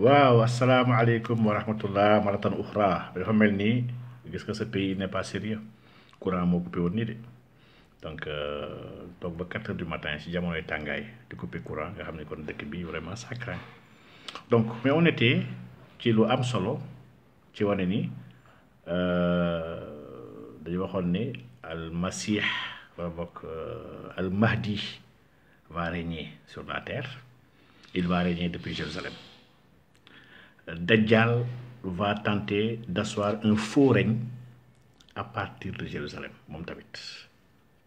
waaw asalaamaaleykum wa rahmatullah maratan ukhra dafa mel ni gis nga sa pays n'est pas sérieux ya. courant moo coupé woon nii de donc toog ba 4 heures du matin si jamonoy tàngaay di coupé courant nga xam ne kon dëkk bi vraiment ça craint donc mais on était ci lu am solo ci eh, wane ni dañu waxoon ni al masih wala bokk eh, al mahdi va régner sur la terre il va régner depuis jérusalem Dajjal va tenter d'asseoir un faux règne à partir de Jérusalem moom tamit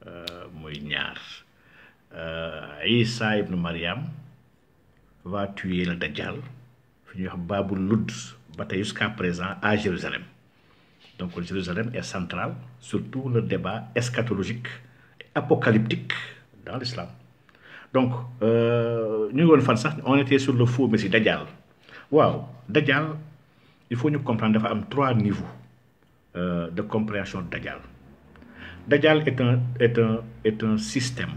euh, muy ñaar euh, Isa ibn Mariam va tuer le Dajjal Nous avons wax Babou Loud jusqu'à présent à Jérusalem donc Jérusalem est centrale surtout le débat eschatologique apocalyptique dans l'islam donc nous euh, ngi fait ça. on était sur le faux messie Dajjal Wow, Dajal, il faut nous comprendre y a trois niveaux euh, de compréhension de Dajal est un est un est un système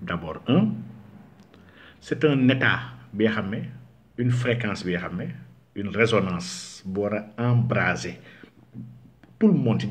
d'abord un c'est un état une fréquence une résonance bo embraser tout le monde ci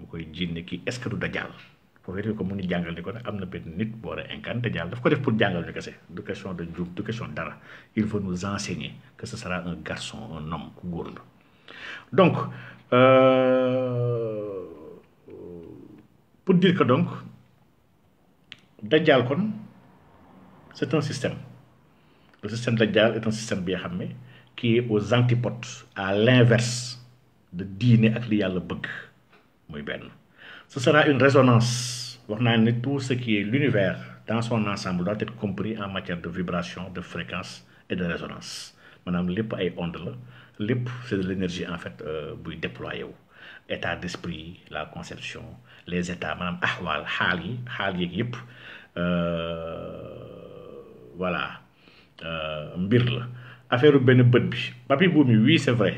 mu koy jinne ki est-ce que du dajaal ko mu ngi ko nag am na benn nit boo war a incarné dajaal daf ko kese du question de njuub du question il faut nous enseigner que ce sera un garçon un homme ku euh, pour dire que donc dajaal kon c'est un système le système dajaal est un système bi nga xam ne qui est aux antipodes à l'inverse de diine ak li yàlla bëgg muy ben. ce sera une résonance waxna tout ce qui est l'univers dans son ensemble doit être compris en matière de vibration de fréquence et de résonance madame Lip ay ondes la lepp c'est de l'énergie en fait euh, buy déployé état d'esprit la conception les états manam Ahwal, Hali, yi xaal euh, voilà euh, mbir la affaire ben beut bi papi boumi oui c'est vrai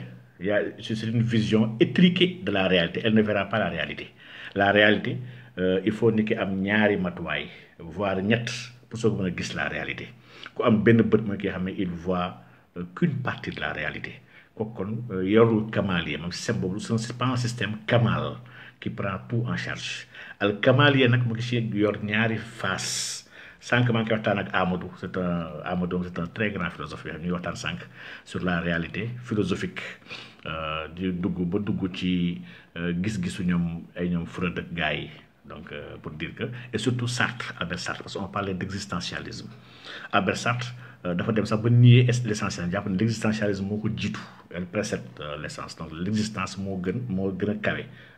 c'est une vision étriquée de la réalité. Elle ne verra pas la réalité. La réalité, euh, il faut nit ki am ñaari voient, voire pour soo ko la réalité ku am benn ne voit euh, qu'une partie de la réalité il y a kamal système c'est pas un système kamal qui prend tout en charge al kamal yi nag mu ngi si face sànq maa ngi koy ak Amadou c'est un Amadou c'est un très grand philosophe bi xam ñuy waxtaan sur la réalité philosophique euh, di dugg ba dugg ci euh, gis-gisu ñoom ay ñoom Freud ak gars donc euh, pour dire que et surtout Sartre Albert Sartre parce qu'on parlait d'existentialisme Albert Sartre dafa dem sax ba nier l'essentiel jàpp ne l'existentialisme moo ko jiitu elle précède l'essence donc l'existence moo gën moo gën a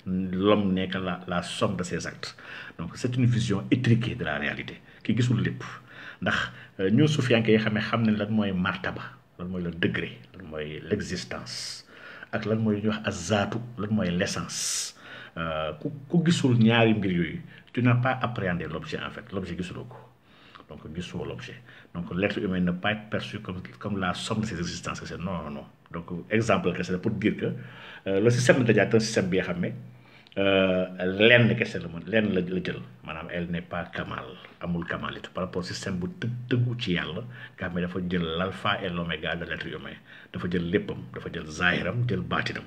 l'homme n'est que la la somme de ses actes donc c'est une vision étriquée de la réalité qui est le ndax euh, Nous martaba le degré l'existence et lan l'essence euh, ku tu n'as pas appréhendé l'objet en fait l'objet gisuloo donc gisoo l'objet donc l'être humain ne peut pas être perçu comme la somme de ses existences non non donc exemple c'est pour dire que euh, le système de un système Euh, lenn kese la moom lenn la la jël maanaam elle n'est pas kamal amul kamal it par rapport système bu të tëggu ci yàlla nga xam ne dafa jël l'alpha et l'oméga de l'être humain dafa jël léppam dafa jël zahiram jël baatinam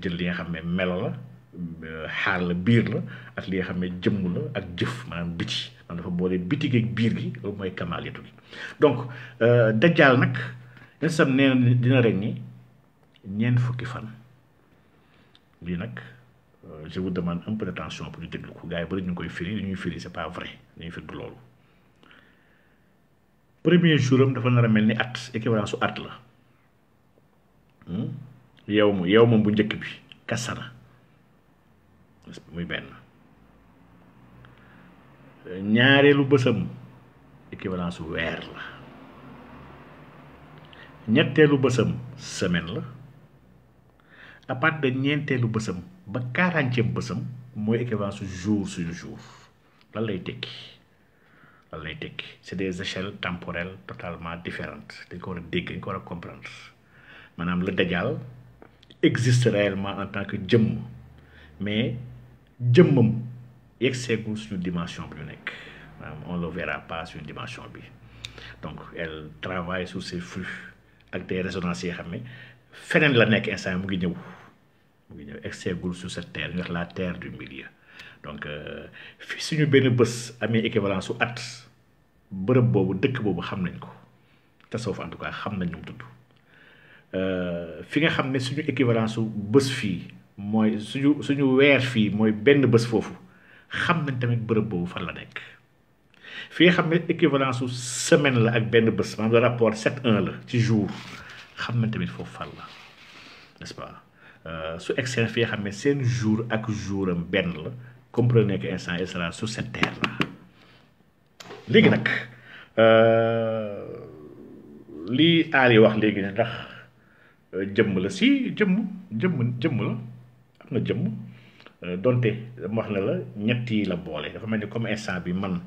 jël li nga xam ne melo la euh, xaal la biir la ak li nga xam ne jëmm la ak jëf maanaam biti maanaam dafa boole biti geeg biir gi loolu mooy kamal itu gi donc euh, dajjaal nag len sam dina rek ni ñeent fukki fan lii nag Euh, je vous demande un peu de tension pour ñu déglu ko gars yi bëri ñu ngi koy firi li firi c'est pas vrai li firi du loolu premier jour am dafa nar mel ni at équivalence su at la hmm? yow mu yow moom bu njëkk bi kasara muy benn ñaareelu bësam équivalence su weer la ñetteelu bësam semaine la à part ñeenteelu bësam ba quarantième bësam mooy équivalent su jour sur jour lan lay tekki lan lay c'est des échelles temporelles totalement différentes dañ ko dégg ko comprendre manam le existe réellement en tant que djem. mais jëmmam yegg sur une dimension bi On ne on le verra pas sur une dimension bi donc elle travaille sur ses flux avec des résonances yi xam fenen la nek instant mu ngi mu ngi ñëw exceegul sur cette terre ñu wax la terre du milieu donc euh, suñu benn bés amee équivalence su at bërëb boobu dëkk boobu xam nañ ko tasawuf en tout cas xam nañ ñu mu tudd euh, fi nga xam ne suñu équivalence su bés fii mooy suñu suñu weer fii mooy benn bés foofu xam nañ tamit bërëb boobu fan la nekk fi nga xam ne équivalence su semaine la ak benn bés maanaam le rapport 7 1 la ci jour xam nañ tamit foofu fan la Euh, su excel fi nga xam ne seen jour ak jouram benn la comprenez que instant il sera sur cette terre là léegi nag li aal yi wax léegi ne ndax euh, jëmm la si jëmm jëmm jëmm la am na jëmm euh, donte dama wax ne la ñett yi la boole dafa mel ni comme instant bi man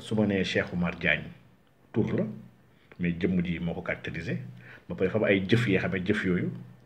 su ma nee Cheikh Oumar Diagne tur la mais jëmm ji moo ko caractérisé ba pare fa ay jëf yi xam ne jëf yooyu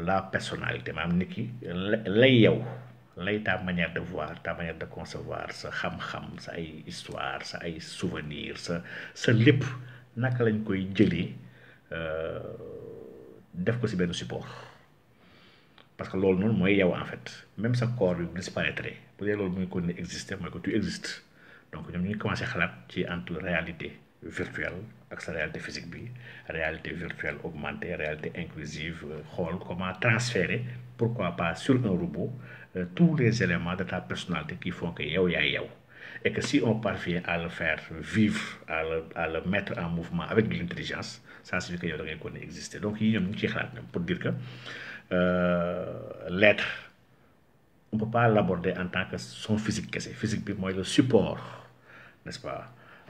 la personnalité maanaam nit ki lay yow lay ta manière de voir ta manière de concevoir sa xam-xam sa ay histoire sa ay souvenir sa sa lépp naka lañ koy euh def ko ci benn support parce que lool non moy yow en fait même sa corps yu disparaître bu dee loolu mu ngi ko ne exister mooy ko tu existes donc ñom ñu commencé xalat ci entre réalité virtuelle ak réalité physique bi réalité virtuelle augmentée réalité inclusive euh, comment transférer pourquoi pas sur un robot euh, tous les éléments de ta personnalité qui font que yow yaay yow et que si on parvient à le faire vivre à le mettre en mouvement avec de l'intelligence ça signifie que yow da ngay exister donc yi ñoom ñu pour dire que euh, l'être on peut pas l'aborder en tant que son physique c'est physique bi le support n'est-ce pas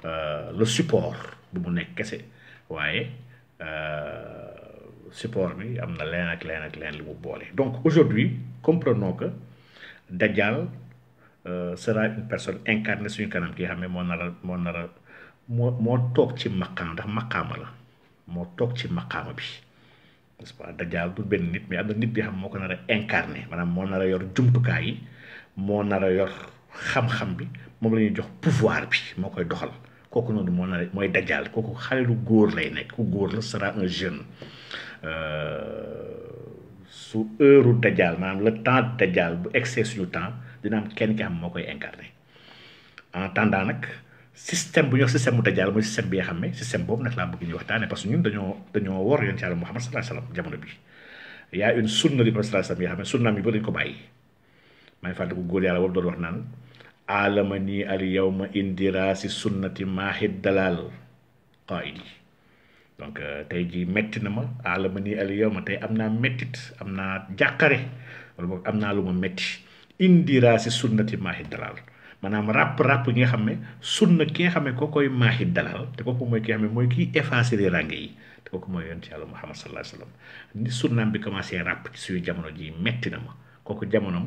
Euh, le support bu mu nekk kese waaye euh, support bi am na leen ak leen ak leen li mu boole donc aujourd'hui comprenons que Dajjal euh, sera une personne incarnée suñu kanam kii xam ne moo nar moo nar moo moo toog ci maqaam ndax maqaama la moo toog ci maqaama bi n'est-ce pas Dajjal du benn nit mais am na nit bi xam moo ko nar a incarné maanaam moo nar a yor jumtukaay yi moo nar a yor xam-xam bi moom lañuy jox pouvoir bi moo koy doxal koku noonu mo na moy dajjal koku xale lu góor lay nek ku goor la sera un jeune euh su heure dajjal manam le temps dajjal bu excès suñu temps dina am kenn ki am moo koy incarné en attendant nak système bu ñu système bu dajaal mooy système bi nga xam système boobu nak la bëgg ñu waxtane parce que ñun dañoo dañoo wor yonent yàlla Muhammad sallallahu alayhi wasallam jamono bi ya une sunna di prophète sallallahu alayhi wasallam yoo xam ne sunnaam yi ba ko bàyyi may ngi fàttaliku goor yalla boobu do wax nan aalama nii al yowma indiraasi sunnati maahid dalal qaidi donc euh, tey jii metti na ma aalama nii al yowma tey am naa mettit am naa jàqare wala boog am naa lu ma metti indiraasi sunnati maahid dalal maanaam ràpp-ràpp yi nga xam ne sunna ki nga xam ne kookoy maahid dalal te kooku mooy ki nga xam ne mooy kiy effacer les range yi te kooku mooy yonent yàlla muhammad sallallahu alayhi wa sunnaam bi commencé ràpp ci jamono jii metti na ma kooku jamonom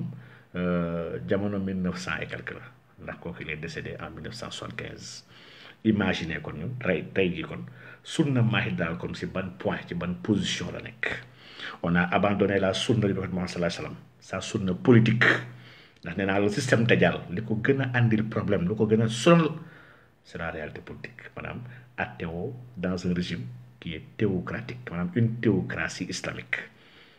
Euh, jamono mille neuf cent et quelque la ndax kooku il est décédé en mille neuf cent soixante kon ñun tey tey jii kon sunna Maalik daal kon si ban point ci ban position la nekk on a abandonné la sunna du Prophète sallallahu alayhi wa sallam sa politique ndax nee naa la système dajaal li ko gën a àndil problème lu ko gën a sonal c'est la réalité politique maanaam ateo dans un régime qui est théocratique maanaam une théocratie islamique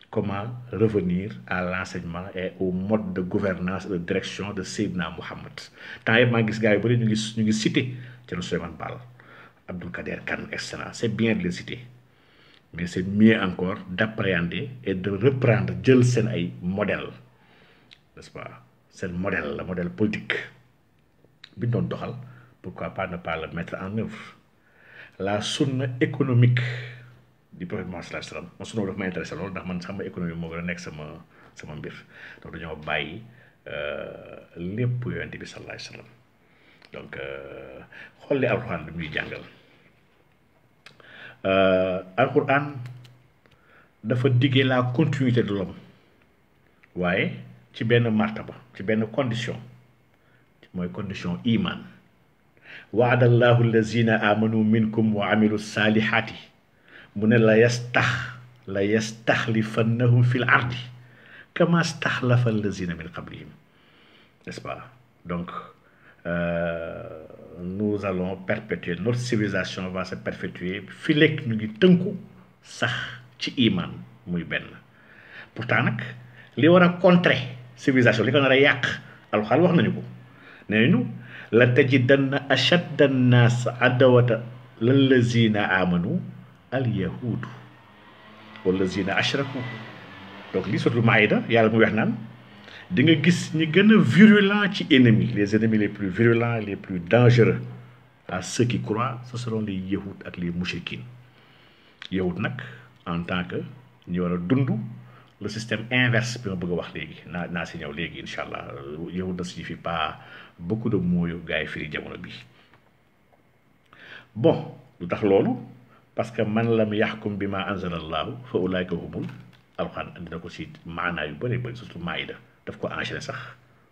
comment revenir à l'enseignement et au mode de gouvernance de direction de Seydina Mohamed Tant et gis cité Thierno Souleymane Bal, Abdou Kader c'est bien de les citer mais c'est mieux encore d'appréhender et de reprendre jël seen modèle n'est-ce pas le modèle le modèle politique Bidon pourquoi pas ne pas le mettre en œuvre la sunna économique di prélèvement sur la mo sunu daf ma intéressé lool ndax man sama économie mo gëna nek sama sama mbir eh, donc dañoo bàyyi lépp di bi sallallahu alayhi wasallam donc xol li alcorane bi muy euh alcorane dafa diggé la continuité de l'homme waye ci benn martaba ci benn condition moy condition iman wa'adallahu allahu allazina amanu minkum wa 'amilus salihati من لا la لا يستخلفنهم في الارض كما استخلف الذين من قبلهم qablihim n'est-ce pas donc euh, nous allons perpétuer notre civilisation va se perpétuer filek ñu ngi teunku sax ci iman muy ben pourtant nak li wara contrer civilisation li ko nar yak yàq alxaal wax nañu ko nenu la tajidanna ashadda an-nas adawata lallazina amanu alyahudu wallazina ashraku donc lii suratul maida yàlla mu wax naan di nga gis ñi gën a virulent ci ennemis les ennemis les plus virulents les plus dangereux à ceux qui croient ce seront les yahuds ak les mouchriquines yahud nag en tant que ñu war a dund le système inverse bi ma bëgg a wax léegi naa naa si ñëw léegi incha allah yahud ne signifie pas beaucoup de mots yu gars yi firi jamono bi bon lu tax loolu parce que man lam yaxkum bi ma anzala allahu fa ulaayka humul alxuraan andi na ko si maanaa yu bëri bëri surtout maayida daf ko enchaîné sax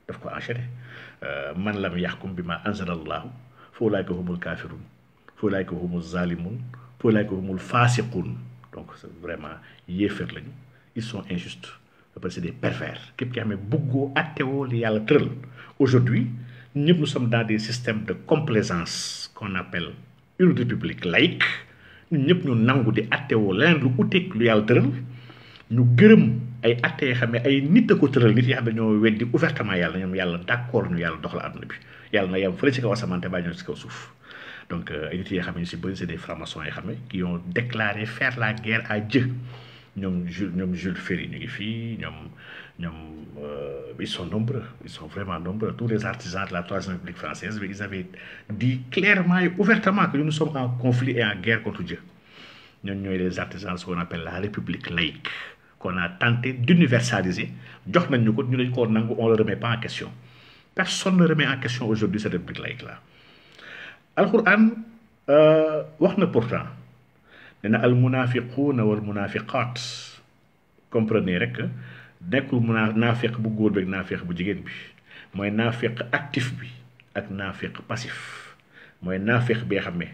daf ko enchaîné euh, man lam yaxkum bi ma anzala allahu fa ulaayka humul kaafiruun fa ulaayka humul zaalimuun fa ulaayka humul faasiquun donc vraiment yéefar lañu ils sont injustes parce que c'est des pervers képp ki xam ne bëggoo attewoo yàlla tëral aujourd'hui ñëpp nous sommes dans des systèmes de complaisance qu'on appelle ñëpp ñu nangu di atté wu leneen lu uteeg lu yàlla tëral ñu gërëm ay atté yoo xam ne ay nit a ko tëral nit yoo xam ne ñoo weddi ouvertement yàlla ñoom yàlla d'accord ñu yàlla doxal àdduna bi yàlla na yam fële ci kaw asamaan te bàyyi ñëw ci kaw suuf donc euh, ay nit yoo xam ne si bëri c'est des francs-maçons yoo xam ne qui ont déclaré faire la guerre à Dieu ñoom Jules ñoom Jules Ferry ñu ngi fii ñoom euh, ils sont nombreux ils sont vraiment nombreux tous les artisans de la troisième république française ils avaient dit clairement et ouvertement que nous sommes en conflit et en guerre contre Dieu Nous, avons les artisans de ce qu'on appelle la république laïque qu'on a tenté d'universaliser jox ne le remet pas en question personne ne remet en question aujourd'hui cette république laïque là euh, pourtant al et wal munafiqat comprenez que nekul mu naa bu goor bek ak bu jigen bi moy naafeq actif bi ak naafeq passif moy naafeq bi xamé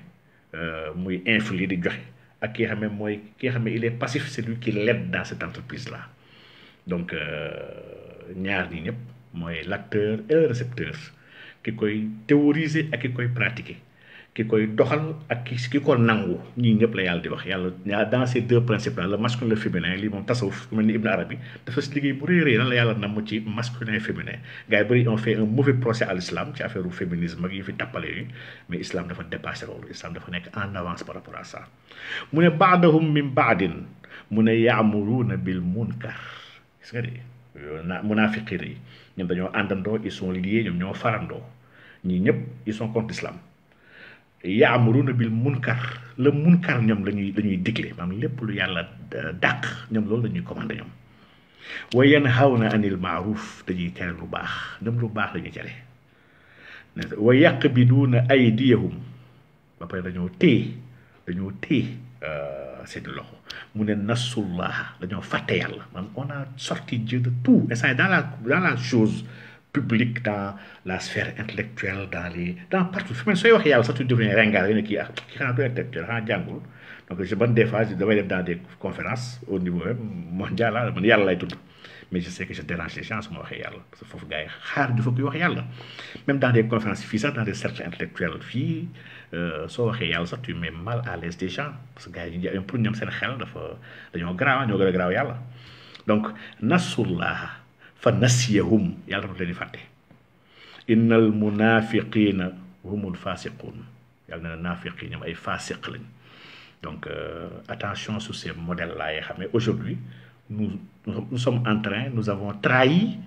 euh ne muy influer di joxe ak ki xamé moy ki xamé il est passif c'est lui qui l'aide dans cette entreprise là donc euh, ñaar ni ñep moy l'acteur et le récepteur ki koy théoriser ak ki koy pratiquer ki koy doxal ak ki ko nangu ñi ñep la yalla di wax yalla ñaa dans ces deux principes le masculin le féminin li mom tasawuf ku ni ibn arabi dafa ci liggéey bu rëy rëy la yalla nam ci masculin féminin gars bari on fait un mauvais procès à l'islam ci affaire féminisme ak yi fi tapalé yi mais islam dafa dépasser lolu islam dafa nek en avance par rapport à ça mune ba'dahum min ba'din mune ya'muruna bil munkar gis nga de munafiqiri ñom ñoom dañoo àndandoo ils sont liés ñom ñoo farando ñi ñep ils sont contre l'islam yaamuruna bil munkar la munkar ñoom lañuy lañuy digle maanaam lépp lu yàlla euh, dàq ñoom loolu la ñuy commandé ñoom wa yanhawna anil maaruf dañuy tere lu baax ñoom lu baax lañuy ñuy tere wa yaqbiduuna aydiyahum ba pare dañoo téye dañoo téye euh, seen loxo mu ne nasullah dañoo fàtte yàlla man on a sorti Dieu de tout et ça dans la dans chose public, dans la sphère intellectuelle, dans les. dans partout. Mais soyez wax yàlla ça tu deviens ringard rien qui a rend kii ah, intellectuel rend jàngul donc j'ai bonne des fois devais être dans des conférences au niveau hein, mondial mondial ah, man yàlla lay mais je sais que je dérange les gens moi montréal ça parce que foofu gars yi xaar du wax même dans des conférences fii dans des cercles intellectuels fii euh, so waxee yàlla tu mets mal à l'aise des gens parce que gars yi pour ñoom réel xel dafa dañoo garaaw ñoo gën a garaaw réel donc nasullah fa nasiyahum yàlla dafa leen di fàtte innal munafiqina humul fasiqun yàlla na naafiqi ñoom ay fasiq lañ donc euh, attention sur ces modèles là yoo xam aujourd'hui nous nous sommes en train nous avons trahi